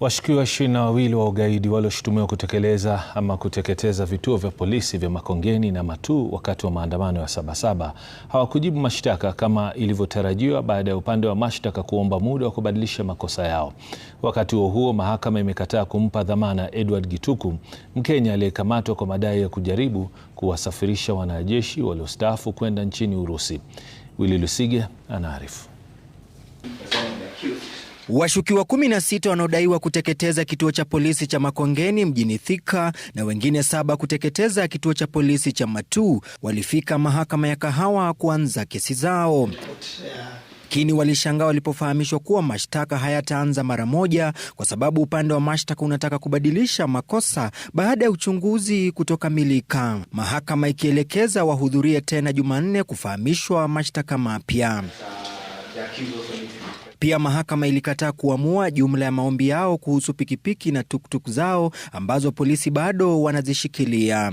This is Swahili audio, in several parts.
Washukiwa ishirini na wawili wa ugaidi walioshutumiwa kutekeleza ama kuteketeza vituo vya polisi vya Makongeni na Matuu wakati wa maandamano ya Sabasaba hawakujibu mashtaka kama ilivyotarajiwa baada ya upande wa mashtaka kuomba muda wa kubadilisha makosa yao. Wakati huo huo, mahakama imekataa kumpa dhamana Edward Gituku, Mkenya aliyekamatwa kwa madai ya kujaribu kuwasafirisha wanajeshi waliostaafu kwenda nchini Urusi. Willy Lusige anaarifu. Washukiwa 16 wanaodaiwa kuteketeza kituo cha polisi cha Makongeni mjini Thika na wengine saba kuteketeza kituo cha polisi cha Matuu walifika mahakama ya Kahawa kuanza kesi zao. Lakini walishangaa walipofahamishwa kuwa mashtaka hayataanza mara moja kwa sababu upande wa mashtaka unataka kubadilisha makosa baada ya uchunguzi kutokamilika, mahakama ikielekeza wahudhurie tena Jumanne kufahamishwa mashtaka mapya. Pia mahakama ilikataa kuamua jumla ya maombi yao kuhusu pikipiki na tuktuk zao ambazo polisi bado wanazishikilia.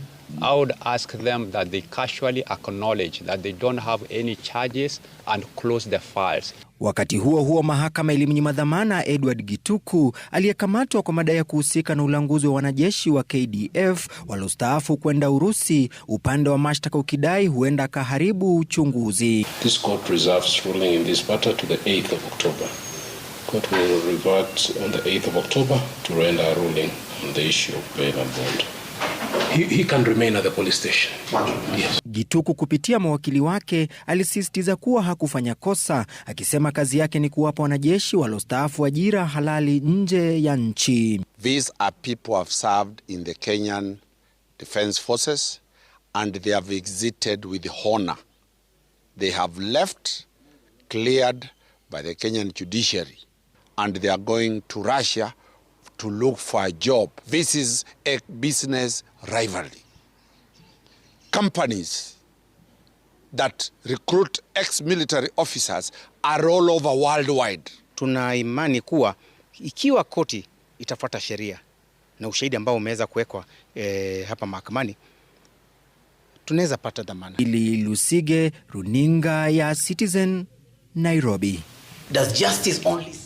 I would ask them that they casually acknowledge that they don't have any charges and close the files. Wakati huo huo, mahakama ilimnyima dhamana Edward Gituku aliyekamatwa kwa madai ya kuhusika na ulanguzi wa wanajeshi wa KDF waliostaafu kwenda Urusi, upande wa mashtaka ukidai huenda akaharibu uchunguzi he, he can remain at the police station. Yes. Gituku kupitia mawakili wake alisisitiza kuwa hakufanya kosa, akisema kazi yake ni kuwapa wanajeshi waliostaafu ajira halali nje ya nchi. These are people who have served in the Kenyan Defence Forces and they have exited with They have left cleared by the Kenyan judiciary and they are going to Russia to look for a job. This is a business rivalry. Companies that recruit ex-military officers are all over worldwide. Tuna imani kuwa ikiwa koti itafuata sheria na ushahidi ambao umeweza kuwekwa e, hapa mahakamani tunaweza pata dhamana. Ili Lusige, runinga ya Citizen, Nairobi. Does justice only